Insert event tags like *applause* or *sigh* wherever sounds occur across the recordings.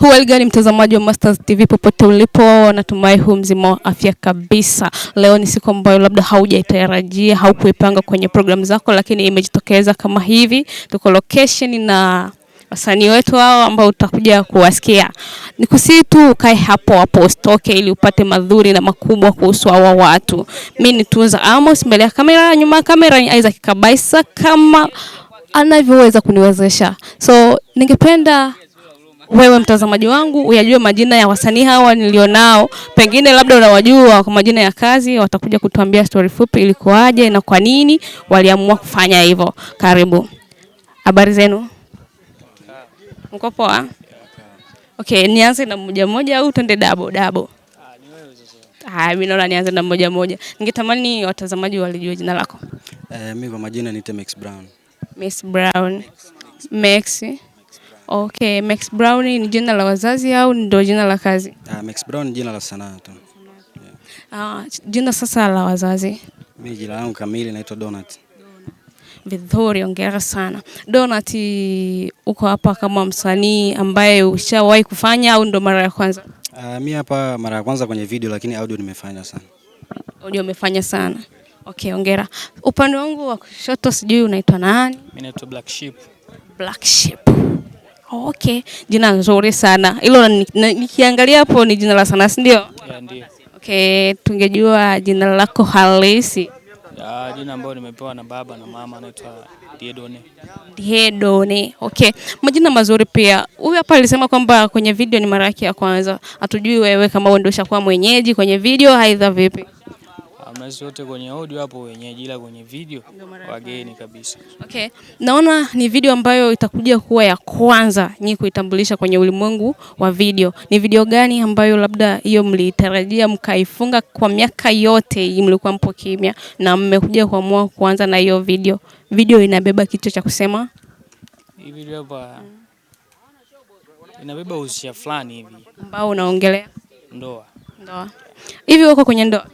Huhali gani mtazamaji wa Mastaz TV popote ulipo, natumai huu mzima wa afya kabisa. Leo ni siku ambayo labda haujaitarajia, haukuipanga kwenye programu zako, lakini imejitokeza kama hivi. Tuko location na wasanii wetu hao ambao utakuja kuwasikia. Nikusii tu ukae hapo hapo usitoke, ili upate madhuri na makubwa kuhusu hawa watu. Mimi ni Tunza Amos, mbele ya kamera, nyuma ya kamera ni Isaac Kabaisa, kama anavyoweza kuniwezesha. So ningependa wewe mtazamaji wangu uyajue majina ya wasanii hawa nilionao, pengine labda unawajua kwa majina ya kazi. Watakuja kutuambia stori fupi ilikuwaje na kwa nini waliamua kufanya hivyo. Karibu, habari zenu? Mko poa? Okay, nianze na mmoja mmoja au tuende dabo dabo? Haya, ah, mimi naona nianze na mmoja mmoja. Ningetamani watazamaji walijue jina lako. Eh, mimi kwa majina ni Temex Brown. Miss Brown. Mex. Okay, Max Brown ni jina la wazazi au ndio jina la kazi? Ah, Max Brown ni jina la sanaa tu. Yeah. Ah, jina sasa la wazazi. Mimi jina langu kamili naitwa Donat. Vidhuri, ongera sana. Donat, uko hapa kama msanii ambaye ushawahi kufanya au ndo mara ya kwanza? Ah, mimi hapa mara ya kwanza kwenye video lakini audio nimefanya sana. Audio umefanya sana. Okay, ongera. Upande wangu wa kushoto sijui unaitwa nani? Mimi naitwa Black Sheep. Black Sheep. Oh, okay. Jina nzuri sana hilo, nikiangalia hapo ni jina la sana, si ndio? Okay, tungejua jina lako halisi. Ya, ah, jina ambayo nimepewa na baba na mama anaitwa Diedone. Diedone. Okay. Majina mazuri pia. Huyu hapa alisema kwamba kwenye video ni mara yake ya kwanza. Hatujui wewe kama wewe ndio ushakuwa mwenyeji kwenye video aidha vipi? amasi wote kwenye audio hapo wenyeji, ila kwenye video wageni kabisa. Okay, naona ni video ambayo itakuja kuwa ya kwanza nyi kuitambulisha kwenye ulimwengu wa video. Ni video gani ambayo labda hiyo mlitarajia mkaifunga kwa miaka yote hii mlikuwa mpo kimya na mmekuja kuamua kuanza na hiyo video? Video inabeba kichwa cha kusema hii video hapa inabeba usia fulani hivi ambao unaongelea ndoa. Ndoa hivi, wako kwenye ndoa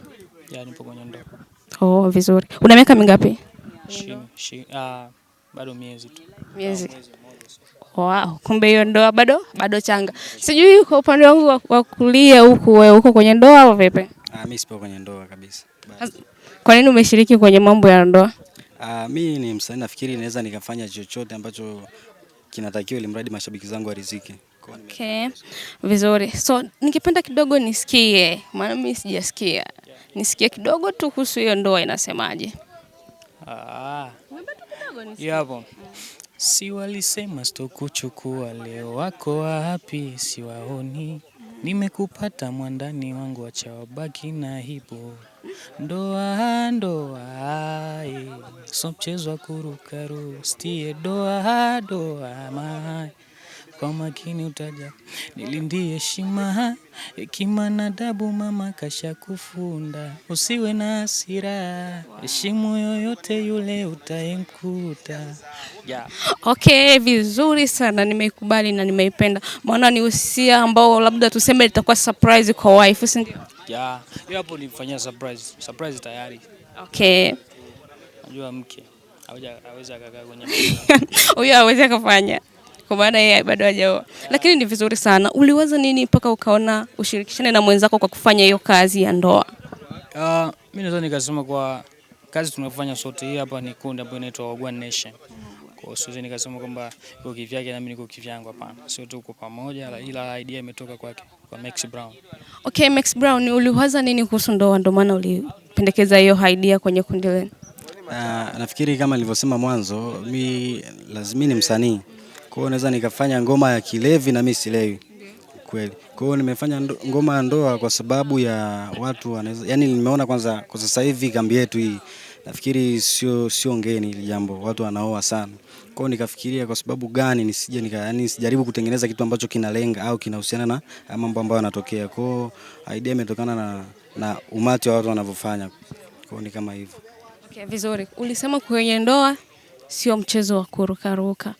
ya, nipo kwenye ndoa. Oh, vizuri. Una miaka mingapi? Shi, shi, ah, bado miezi tu. Miezi. Wow, kumbe hiyo ndoa bado bado changa. Sijui kwa upande wangu wa kulia huku wewe uko kwenye ndoa au vipi? Ah, mimi sipo kwenye ndoa kabisa. Kwa nini umeshiriki kwenye mambo ya ndoa? Ah, mimi ni msanii, nafikiri naweza nikafanya chochote ambacho kinatakiwa ili mradi mashabiki zangu wariziki. Okay. Vizuri. So, nikipenda kidogo nisikie, maana mimi sijasikia. Nisikie kidogo tu kuhusu hiyo ndoa inasemaje? Ah. Yapo. Si walisema sitokuchukua leo, wako wapi? Siwaoni, nimekupata mwandani wangu, acha wabaki na hipo. Ndoa ndoa eh. so mchezo wa kurukaru stie doa doa mai kwa makini utaja nilindie heshima, hekima na adabu, mama kasha kufunda Usiwe na hasira, heshimu yoyote yule utaimkuta Yeah. Okay, vizuri sana, nimeikubali na nimeipenda, maana ni usia ambao labda tuseme litakuwa surprise kwa wife, si ndio? Yeah, hiyo hapo nilifanyia surprise. Surprise tayari. Okay. Najua mke. Hawezi akakaa kwenye. *laughs* Huyo hawezi akafanya kwa maana yeye bado hajaoa, lakini ni vizuri sana. Uliwaza nini mpaka ukaona ushirikishane na mwenzako kwa kufanya hiyo kazi ya ndoa? Uh, mimi naweza nikasema kwa kazi tunafanya sote, hii hapa ni kundi ambayo inaitwa One Nation. Kwa hiyo nikasema kwamba uko kivyake na mimi niko kivyangu, hapana, sio tuko pamoja, ila idea imetoka kwake kwa Max Brown. Okay, Max Brown, uliwaza nini kuhusu ndoa ndio maana ulipendekeza hiyo idea kwenye kundi lenu? Uh, nafikiri kama nilivyosema mwanzo, mi lazima ni msanii kwa hiyo naweza nikafanya ngoma ya kilevi na mimi silewi kweli. Kwa hiyo nimefanya ngoma ya ndoa kwa sababu ya watu wanaweza, yani nimeona kwanza, kwa sasa hivi kambi yetu hii nafikiri sio sio ngeni hili jambo, watu wanaoa sana. Kwa hiyo nikafikiria kwa sababu gani nisije nika, yani sijaribu kutengeneza kitu ambacho kinalenga au kinahusiana na mambo ambayo yanatokea. Kwa hiyo idea imetokana na, na umati wa watu wanavyofanya. Kwa hiyo ni kama hivyo. Okay, vizuri. Ulisema kwenye ndoa sio mchezo wa kurukaruka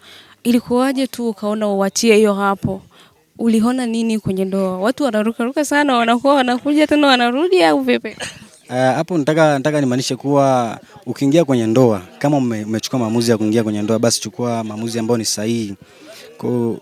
ilikuwaje tu ukaona uwatie hiyo hapo? Uliona nini kwenye ndoa? Watu wanarukaruka sana, wanakuwa wanakuja tena wanarudi, au vipi? Eh, hapo uh, nataka nataka nimaanishe kuwa ukiingia kwenye ndoa kama umechukua maamuzi ya kuingia kwenye ndoa, basi chukua maamuzi ambayo ni sahihi. Kwa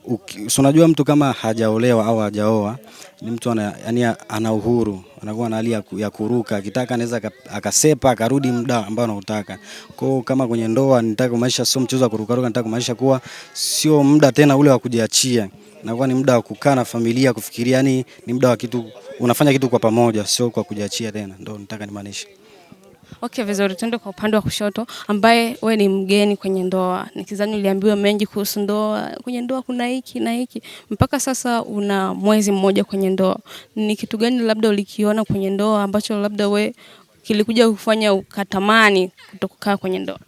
unajua mtu kama hajaolewa au hajaoa ni mtu ana, yani ana uhuru anakuwa na hali ya kuruka, akitaka anaweza akasepa akarudi muda ambao anautaka. Kwa kama kwenye ndoa nitaka maisha sio mchezo wa kuruka ruka, nitaka maisha kuwa sio muda tena ule wa kujiachia, nakuwa ni muda wa kukaa na familia kufikiria, yani ni muda wa kitu unafanya kitu kwa pamoja, sio kwa kujiachia tena, ndio nitaka nimaanishe. Okay, vizuri, tuende kwa upande wa kushoto, ambaye we ni mgeni kwenye ndoa. Nikizani uliambiwa mengi kuhusu ndoa, kwenye ndoa kuna hiki na hiki. Mpaka sasa una mwezi mmoja kwenye ndoa, ni kitu gani labda ulikiona kwenye ndoa ambacho labda we kilikuja kufanya ukatamani kutokukaa kwenye ndoa?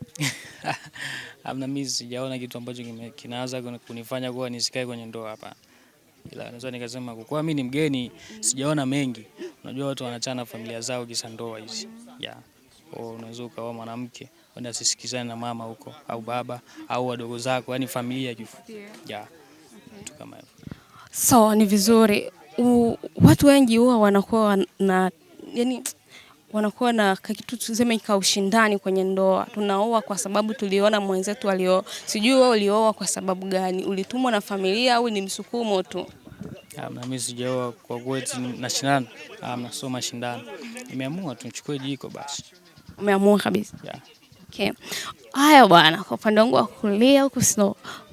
*laughs* Amna, mimi sijaona kitu ambacho kinaanza kunifanya kuwa nisikae kwenye ndoa hapa ila naweza nikasema kwa kuwa mimi ni mgeni sijaona mengi. Unajua watu wanachana familia zao kisa ndoa hizi yeah. Unaweza ukaoa mwanamke wenda asisikizane na mama huko au baba au wadogo zako, yani familia yeah. Kitu kama hivyo so ni vizuri u, watu wengi huwa wanakuwa na yani wanakuwa na kitu tuseme ka ushindani kwenye ndoa. Tunaoa kwa sababu tuliona mwenzetu alio Sijui wewe ulioa kwa sababu gani? Ulitumwa na familia au ni msukumo tu? Mimi sijaoa kwa kweli, nashindana nasoma shindano, nimeamua tumchukue jiko basi. Umeamua kabisa? Yeah. Okay. Haya bwana, kwa upande wangu wa kulia huku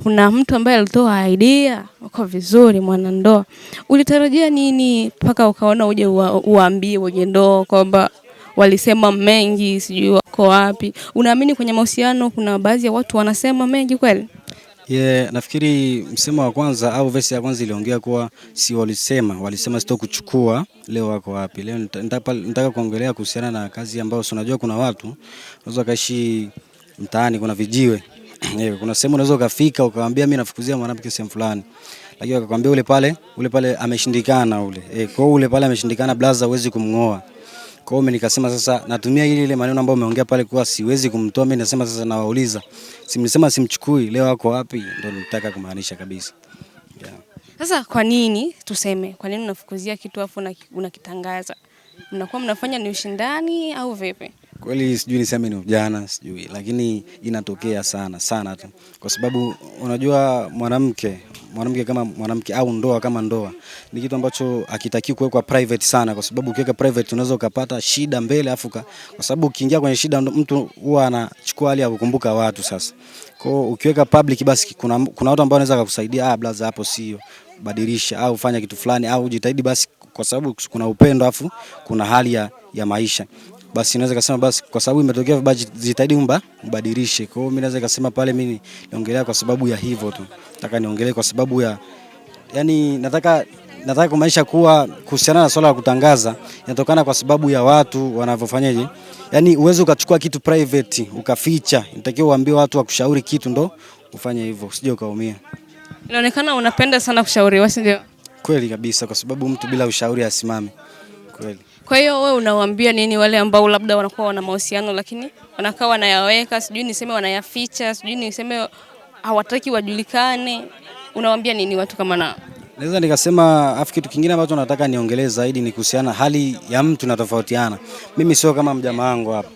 kuna mtu ambaye alitoa idea. Uko vizuri mwanandoa, ulitarajia nini mpaka ukaona uje uwaambie wenye ndoa kwamba walisema mengi, sijui wako wapi. Unaamini kwenye mahusiano kuna baadhi ya watu wanasema mengi kweli? Yeah, nafikiri msemo wa kwanza au vesi ya kwanza iliongea kuwa si walisema, walisema sito kuchukua leo wako wapi. Leo nataka kuongelea kuhusiana na kazi ambayo si unajua kuna watu unaweza kaishi mtaani, kuna vijiwe *clears throat* Yeah, kuna sehemu unaweza ukafika ukamwambia mimi nafukuzia mwanamke sehemu fulani, lakini akakwambia ule pale, ule pale ameshindikana ule. Eh, kwa ule pale ameshindikana blaza, huwezi kumngoa. Kwa hiyo nikasema sasa natumia ile ile maneno ambayo umeongea pale kwa siwezi kumtoa mimi, nasema sasa nawauliza. Simnisema simchukui leo ako wapi? Ndio nitaka kumaanisha kabisa. Yeah. Sasa kwa nini tuseme? Kwa nini unafukuzia kitu afu unakitangaza? Mnakuwa mnafanya ni ushindani au vipi? Kweli sijui niseme ni ujana, sijui, lakini inatokea sana sana tu, kwa sababu unajua mwanamke mwanamke kama mwanamke au ndoa kama ndoa ni kitu ambacho hakitakiwi kuwekwa private sana, kwa sababu ukiweka private unaweza ukapata shida mbele, afu kwa sababu ukiingia kwenye shida mtu huwa anachukua hali ya kukumbuka watu. Sasa kwa ukiweka public, basi kuna kuna watu ambao wanaweza kukusaidia, ah, blaza, hapo sio, badilisha au fanya kitu fulani au jitahidi basi, kwa sababu kuna upendo afu kuna hali ya, ya maisha basi naweza kusema basi kwa sababu imetokea vibaya, zitaidi umba mbadilishe. Kwa hiyo mimi naweza kusema pale, mimi niongelea kwa sababu ya hivyo tu, nataka niongelee kwa sababu ya yani, nataka nataka kumaanisha kuwa kuhusiana na swala la kutangaza inatokana kwa sababu ya watu wanavyofanyaje. Yani uweze ukachukua kitu private ukaficha, inatakiwa uambie watu wakushauri kitu ndo ufanye hivyo, usije ukaumia. Inaonekana unapenda sana kushauriwa, si ndio? Kweli kabisa, kwa sababu mtu bila ushauri asimame kweli. Kwa hiyo wewe unawaambia nini wale ambao labda wanakuwa wana mahusiano lakini wanakaa wanayaweka, sijui niseme wanayaficha, sijui niseme hawataki wajulikane, unawaambia nini watu kama nao? Naweza nikasema afu kitu kingine ambacho nataka niongelee zaidi ni kuhusiana hali ya mtu na tofautiana. Mimi sio kama mjamaa wangu hapa.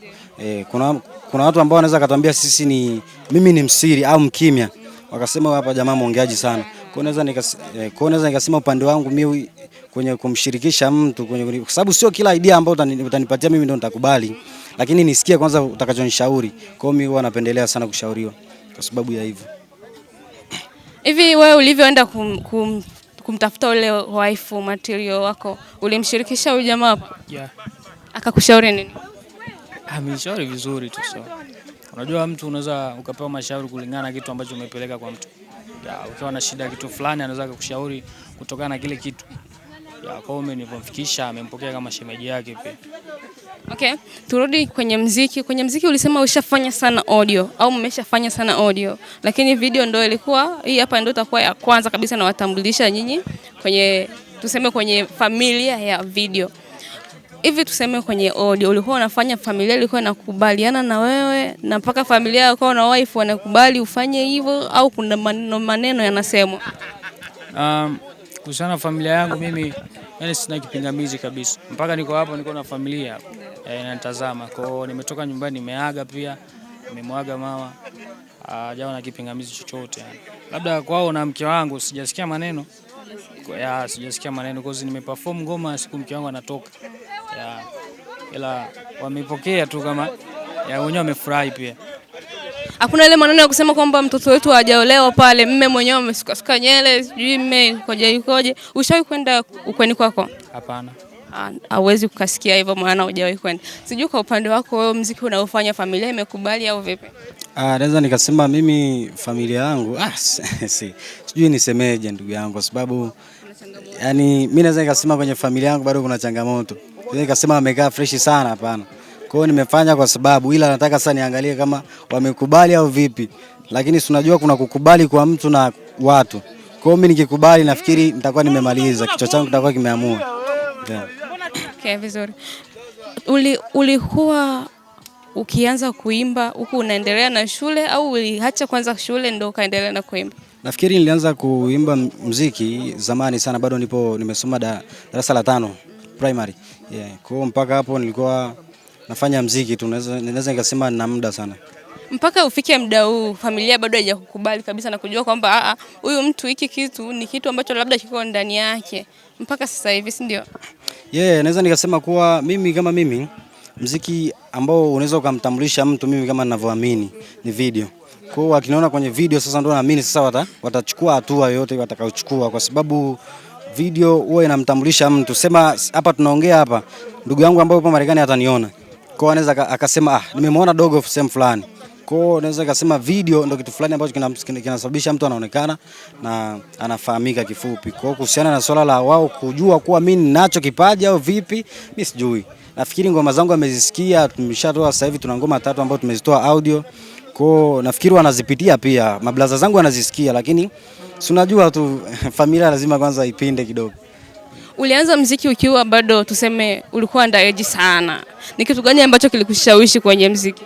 E, kuna, kuna watu ambao wanaweza katwambia sisi ni mimi ni msiri au mkimya, wakasema hapa jamaa mwongeaji sana. Kwa eh, naweza nikasema upande wangu mimi kwenye kumshirikisha mtu kwenye, kwa sababu sio kila idea ambayo utanipatia mimi ndo nitakubali, lakini nisikie kwanza utakachonishauri. Kwa hiyo mimi huwa napendelea sana kushauriwa kwa sababu ya hivyo. Hivi wewe ulivyoenda kum, kum, kumtafuta ule waifu material wako ulimshirikisha huyu jamaa hapo? Yeah. Akakushauri nini? Amenishauri vizuri tu sawa. Unajua mtu unaweza ukapewa mashauri kulingana na kitu ambacho umepeleka kwa mtu. Ukiwa na shida kitu fulani anaweza akakushauri kutokana na kile kitu. Kwa hiyo nilipomfikisha amempokea kama shemeji yake pia. Okay, turudi kwenye mziki. Kwenye mziki ulisema ushafanya sana audio au mmeshafanya sana audio, lakini video ndo ilikuwa hii hapa, ndo itakuwa ya kwanza kabisa na watambulisha nyinyi kwenye tuseme kwenye familia ya video hivi tuseme kwenye audio ulikuwa unafanya, familia ilikuwa inakubaliana na wewe na mpaka familia yako na wife wanakubali ufanye hivyo, au kuna maneno maneno yanasemwa? um, kuhusiana na familia yangu mimi, yani sina kipingamizi kabisa, mpaka niko hapo niko na familia hapa eh, e, Kwa hiyo Nimetoka nyumbani, nimeaga pia, nimemwaga mama, hajawa na kipingamizi chochote yani. Labda kwao na mke wangu sijasikia maneno ya, sijasikia maneno sababu nimeperform ngoma siku mke wangu anatoka ya, ila wamepokea tu kama wenyewe wamefurahi pia. Hakuna ile maneno ya kusema kwamba mtoto wetu hajaolewa pale, mme mwenyewe amesukasuka nyele sijui mme ikoje ikoje. Ushawahi kwenda ukweni kwako? Hapana. Ah, hauwezi kukasikia hivyo maana hujawahi kwenda. Sijui kwa upande wako wewe, mziki unaofanya familia imekubali au vipi? Ah, naweza nikasema mimi familia yangu ah, *laughs* si, sijui nisemeje ndugu yangu, kwa sababu yani mimi naweza nikasema kwenye familia yangu bado kuna changamoto. nikasema amekaa freshi sana, hapana. Kwa hiyo nimefanya kwa sababu, ila nataka sasa niangalie kama wamekubali au vipi, lakini si unajua kuna kukubali kwa mtu na watu. Kwa hiyo mimi nikikubali, nafikiri nitakuwa nimemaliza, kichwa changu kitakuwa kimeamua. Yeah. Okay, vizuri. Uli, ulikuwa ukianza kuimba huku unaendelea na shule au uliacha kwanza shule ndio ukaendelea na kuimba? Nafikiri nilianza kuimba mziki zamani sana, bado nipo nimesoma darasa la tano primary. Yeah. Kwa mpaka hapo nilikuwa nafanya mziki tu, naweza nikasema nina muda sana. Mpaka ufike muda huu, familia bado haijakukubali kabisa na kujua kwamba ah, ah, huyu mtu hiki kitu ni kitu ambacho labda kiko ndani yake mpaka sasa hivi, si ndio? Yeah, naweza nikasema kuwa mimi kama mimi mziki ambao unaweza ukamtambulisha mtu, mimi kama ninavyoamini ni video. Kwa hiyo akiniona kwenye video sasa, ndio naamini sasa wata, watachukua hatua yoyote watakayochukua, kwa sababu video huwa inamtambulisha mtu. Sema hapa tunaongea hapa, ndugu yangu ambaye yupo Marekani ataniona kwa anaweza akasema ah, nimemwona dogo sehemu fulani. Kwa hiyo naweza kasema video ndio kitu fulani ambacho kinasababisha mtu anaonekana na anafahamika kifupi. Kwa hiyo kuhusiana na swala la wao kujua kuwa mimi ninacho kipaji au vipi, mimi sijui. Nafikiri ngoma zangu amezisikia, tumeshatoa sasa hivi tuna ngoma tatu ambazo tumezitoa audio. Kwa hiyo nafikiri wanazipitia pia, mablaza zangu wanazisikia, lakini si unajua tu *laughs* familia lazima kwanza ipinde kidogo. Ulianza mziki ukiwa bado tuseme ulikuwa ndaeji sana, ni kitu gani ambacho kilikushawishi kwenye mziki?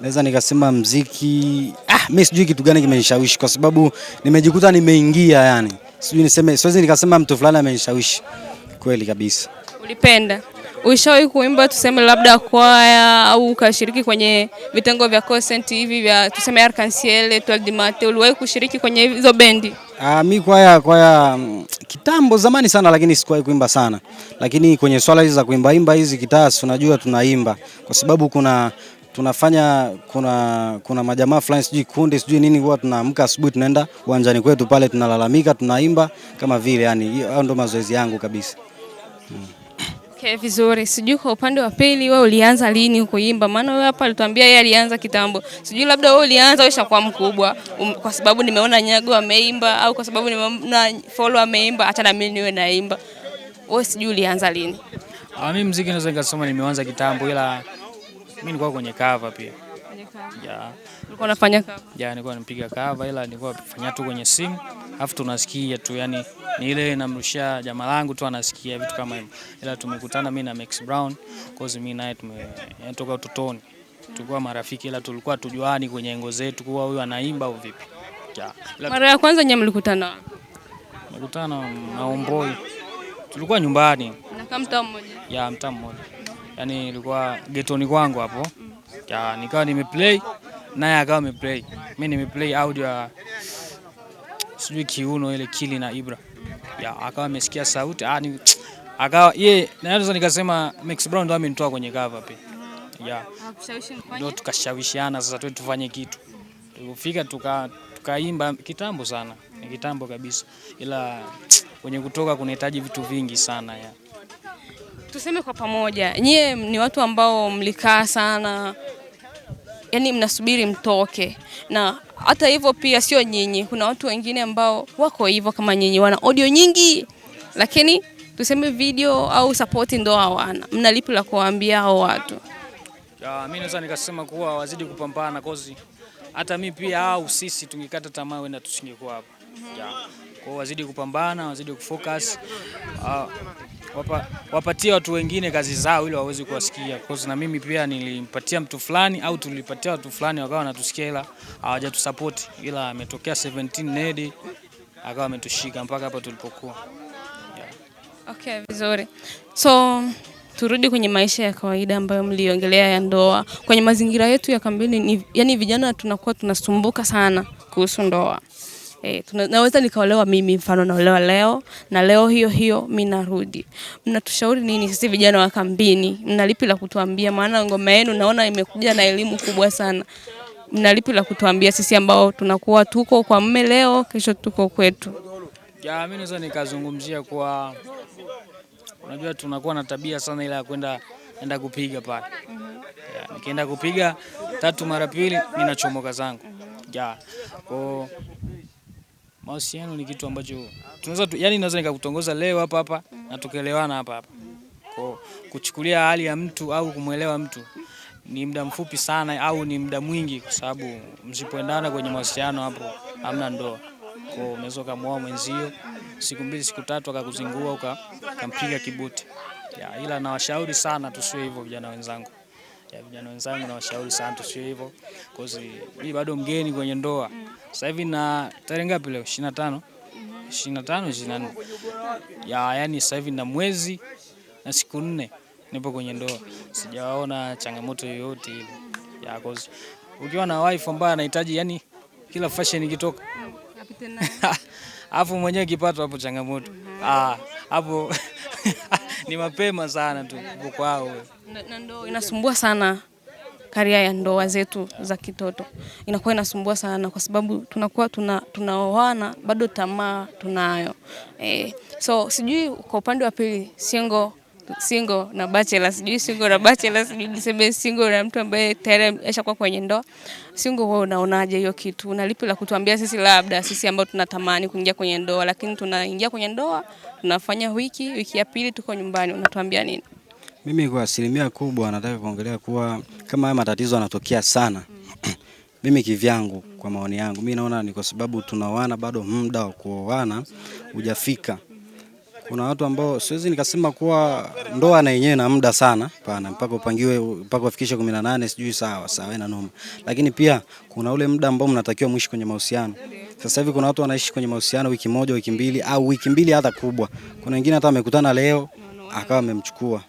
Naweza nikasema mziki, ah, mimi sijui kitu gani kimenishawishi, kwa sababu nimejikuta nimeingia, yani sijui niseme, siwezi nikasema mtu fulani amenishawishi kweli kabisa. Ulipenda? Ushawahi kuimba tuseme labda kwaya au ukashiriki kwenye vitengo vya concert hivi vya tuseme Arcanciel, en ciel Etoile du Matin? Uliwahi kushiriki kwenye hizo bendi? Ah, mi kwaya kwaya mm, kitambo zamani sana, lakini sikuwahi kuimba sana, lakini kwenye swala hizi za kuimba imba hizi kitasi, unajua tunaimba kwa sababu kuna tunafanya kuna kuna majamaa fulani sijui kundi sijui nini, huwa tunaamka asubuhi tunaenda uwanjani kwetu pale tunalalamika, tunaimba kama vile yani, hayo ndo mazoezi yangu kabisa hmm. Okay, vizuri. Sijui kwa upande wa pili wewe ulianza lini kuimba? Maana wewe hapa alituambia yeye alianza kitambo. Sijui labda wewe ulianza ushakuwa mkubwa um, kwa sababu nimeona Nyago ameimba au kwa sababu nimeona Follow ameimba hata na mimi niwe naimba. Wewe sijui ulianza lini? Ah, mimi muziki naweza nikasema nimeanza kitambo ila mimi nilikuwa kwenye cover pia. Kwenye cover. Yeah. Ulikuwa unafanya cover? Ya, nilikuwa nipiga cover ila nilikuwa nafanya tu kwenye simu. Alafu tunasikia tu yani ni ile namrushia jamaa langu tu anasikia vitu kama hivyo. Ila tumekutana mimi na Max Brown cause mimi naye tumetoka yaani utotoni. Tulikuwa marafiki ila tulikuwa tujuani kwenye engo zetu kwa huyu anaimba au vipi. Ya. Mara ya kwanza nyenye mlikutana wapi? Mlikutana na Omboi. Tulikuwa nyumbani. Na mtaa mmoja. Ya, mtaa mmoja. Yaani ilikuwa getoni kwangu hapo. Ya, nikawa nimeplay naye akawa ameplay, mimi nimeplay audio ya sijui kiuno ile kili na Ibra ya, akawa amesikia sauti ah, ni akawa yeye, naweza nikasema Max Brown ndo amenitoa kwenye cover pia ya, ndo tukashawishiana sasa tu tufanye kitu, tulipofika tuka tukaimba kitambo sana, ni kitambo kabisa, ila kwenye kutoka kunahitaji vitu vingi sana ya. Tuseme kwa pamoja, nyie ni watu ambao mlikaa sana yani mnasubiri mtoke, na hata hivyo pia sio nyinyi, kuna watu wengine ambao wako hivyo kama nyinyi, wana audio nyingi, lakini tuseme video au support ndo hawana. Mna lipi la kuwaambia hao watu? Mimi naweza nikasema kuwa wazidi kupambana kozi, hata mimi pia au sisi tungekata tamaa, wenda tusingekuwa hapa yeah. Kwao wazidi kupambana, wazidi kufocus uh, wapa, wapatie watu wengine kazi zao ili waweze kuwasikia. Na mimi pia nilimpatia mtu fulani au tulipatia watu fulani wakawa wanatusikia, ila hawajatusupport, ila ametokea 17 Nedi akawa ametushika mpaka hapa tulipokuwa yeah. Okay, vizuri so turudi kwenye maisha ya kawaida ambayo mliongelea ya ndoa. Kwenye mazingira yetu ya kambini, yani vijana tunakuwa tunasumbuka sana kuhusu ndoa. E, naweza nikaolewa mimi mfano naolewa leo na leo hiyo hiyo mi narudi. Mnatushauri nini sisi vijana wa kambini? Mnalipi la kutuambia? Maana ngoma yenu naona imekuja na elimu kubwa sana. Mnalipi la kutuambia sisi ambao tunakuwa tuko kwa mme leo, kesho tuko kwetu? Ya, mimi naweza nikazungumzia kwa, unajua tunakuwa na tabia sana ile ya kwenda enda kupiga pale. -hmm. nikienda kupiga tatu mara pili ninachomoka zangu. Ya, kwa mahusiano ni kitu ambacho tunaweza tu, yani naweza nikakutongoza leo hapa hapa na tukaelewana hapa hapa. Kwa kuchukulia hali ya mtu au kumwelewa mtu ni muda mfupi sana au ni muda mwingi, kwa sababu msipoendana kwenye mahusiano hapo hamna ndoa. Kwa unaweza kumwoa mwenzio siku mbili siku tatu akakuzingua ukampiga kibuti ya, ila nawashauri sana tusiwe hivyo vijana wenzangu ya vijana wenzangu na washauri sana tusiwe hivyo. Cause mimi bado mgeni kwenye ndoa. Sasa hivi na tarehe ngapi leo? 25. 25, 24. Ya, yani sasa hivi na mwezi na siku nne nipo kwenye ndoa. Sijaona changamoto yoyote ile. Ya, cause ukiwa na wife ambaye anahitaji yani kila fashion ikitoka apite *laughs* mwenyewe kipato hapo changamoto. Ah, hapo *laughs* ni mapema sana tu kwao. wewe na ndo inasumbua sana karia ya ndoa zetu za kitoto inakuwa inasumbua sana kwa sababu tunakuwa tuna tunaoana bado tamaa tunayo e. So sijui kwa upande wa pili single single na bachelor, sijui single na bachelor, sijui niseme single na mtu ambaye tayari ashakuwa kwenye ndoa. Single, wewe unaonaje hiyo kitu? Na lipi la kutuambia sisi, labda sisi ambao tunatamani kuingia kwenye ndoa, lakini tunaingia kwenye ndoa tunafanya wiki, wiki ya pili tuko nyumbani, unatuambia nini? Mimi kwa asilimia kubwa nataka kuongelea kuwa kama haya matatizo yanatokea sana *clears throat* mimi kivyangu, kwa maoni yangu, mimi naona ni kwa sababu tunaoana bado muda wa kuoana hujafika. Kuna watu ambao siwezi nikasema kuwa ndoa na yenyewe na muda sana, pana mpaka upangiwe mpaka ufikishe 18 sijui sawa sawa na noma, lakini pia kuna ule muda ambao mnatakiwa mwishi kwenye mahusiano. Sasa hivi kuna watu wanaishi kwenye mahusiano wiki moja, wiki mbili, au wiki mbili hata kubwa. Kuna wengine hata amekutana leo akawa amemchukua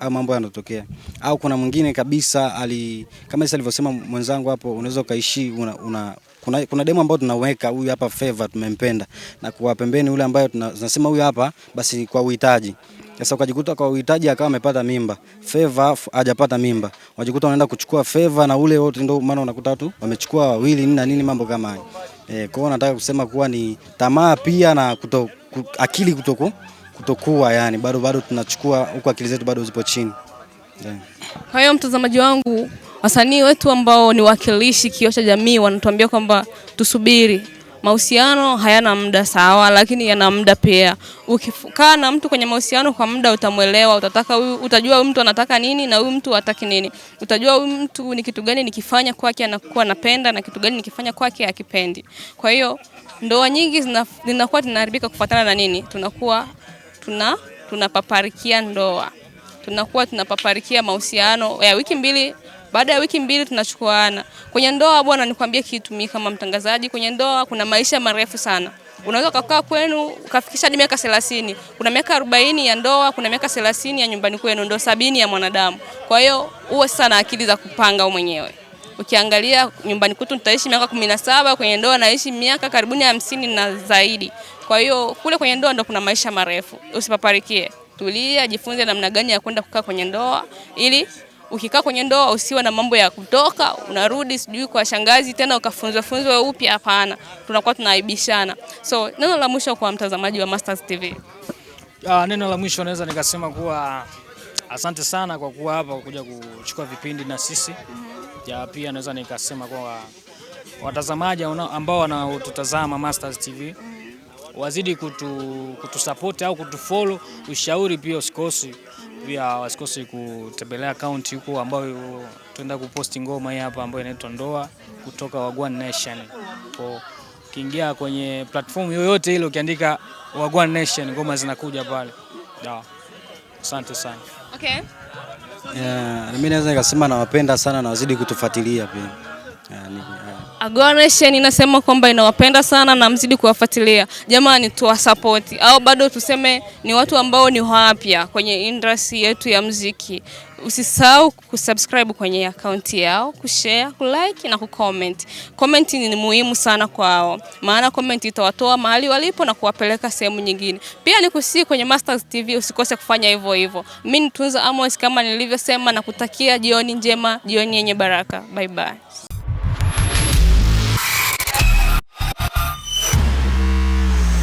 au mambo yanatokea, au kuna mwingine kabisa ali, kama sasa alivyosema mwenzangu hapo, unaweza ukaishi una, una kuna, kuna demo ambayo tunaweka huyu hapa favor tumempenda, na kwa pembeni ule ambaye tunasema huyu hapa basi kwa uhitaji. Sasa ukajikuta kwa uhitaji akawa amepata mimba, favor hajapata mimba, unajikuta unaenda kuchukua favor na ule wote, ndio maana unakuta tu wamechukua wawili nini na nini, mambo kama hayo E, eh, kwao nataka kusema kuwa ni tamaa pia na kuto, akili kutoko kutokuwa yani, bado bado tunachukua huko, akili zetu bado zipo chini yeah. Kwa hiyo mtazamaji wangu, wasanii wetu ambao ni wakilishi kioo cha jamii wanatuambia kwamba tusubiri. Mahusiano hayana muda sawa, lakini yana muda pia. Ukikaa na mtu kwenye mahusiano kwa muda, utamwelewa, utataka huyu, utajua huyu mtu anataka nini na huyu mtu hataki nini, utajua huyu mtu ni kitu gani nikifanya kwake anakuwa anapenda na kitu gani nikifanya kwake akipendi. Kwa hiyo ndoa nyingi zinakuwa zinaharibika kufuatana na nini, tunakuwa tuna tunapaparikia ndoa, tunakuwa tunapaparikia mahusiano ya wiki mbili baada ya wiki mbili tunachukuana kwenye ndoa. Bwana, nikwambie kitu mimi kama mtangazaji, kwenye ndoa kuna maisha marefu sana. Unaweza kukaa kwenu ukafikisha hadi miaka 30. Kuna miaka 40 ya ndoa, kuna miaka 30 ya nyumbani kwenu, ndo sabini ya mwanadamu. Kwa hiyo uwe sana akili za kupanga wewe mwenyewe. Ukiangalia nyumbani kwetu tutaishi miaka 17, kwenye ndoa naishi miaka karibuni hamsini na zaidi. Kwa hiyo kule kwenye ndoa ndo kuna maisha marefu, usipaparikie. Tulia, jifunze namna gani ya kwenda kukaa kwenye ndoa, ili ukikaa kwenye ndoa usiwe na mambo ya kutoka unarudi sijui kwa shangazi tena ukafunzwa funzwa upya. Hapana, tunakuwa tunaaibishana. So neno la mwisho kwa mtazamaji wa Mastaz TV. Ah, neno la mwisho naweza nikasema kuwa asante sana kwa kuwa hapa kuja kuchukua vipindi na sisi ja, mm-hmm. pia naweza nikasema kwa watazamaji ambao wanaotutazama Mastaz TV mm-hmm wazidi kutu, kutusapoti au kutufollow. Ushauri pia usikose, pia wasikose kutembelea akaunti huko ambayo tuenda kuposti ngoma hii hapa ambayo inaitwa Ndoa kutoka Wagwan Nation. Kwa ukiingia kwenye platform yoyote ile ukiandika Wagwan Nation ngoma zinakuja pale. Asante sana. Okay. Yeah, mimi naweza nikasema nawapenda sana na wazidi kutufuatilia pia. Agoration inasema kwamba inawapenda sana na mzidi kuwafuatilia. Jamani, tuwasapoti au bado tuseme ni watu ambao ni wapya kwenye industry yetu ya mziki. Usisahau kusubscribe kwenye akaunti yao, kushare, kulike na kucomment. Comment ni muhimu sana kwao, maana comment itawatoa mahali walipo na kuwapeleka sehemu nyingine. Pia ni nikusii kwenye Mastaz TV usikose kufanya hivyo hivyo. Mimi ni Tunza Amos kama nilivyosema, na kutakia jioni njema, jioni yenye baraka. Bye bye.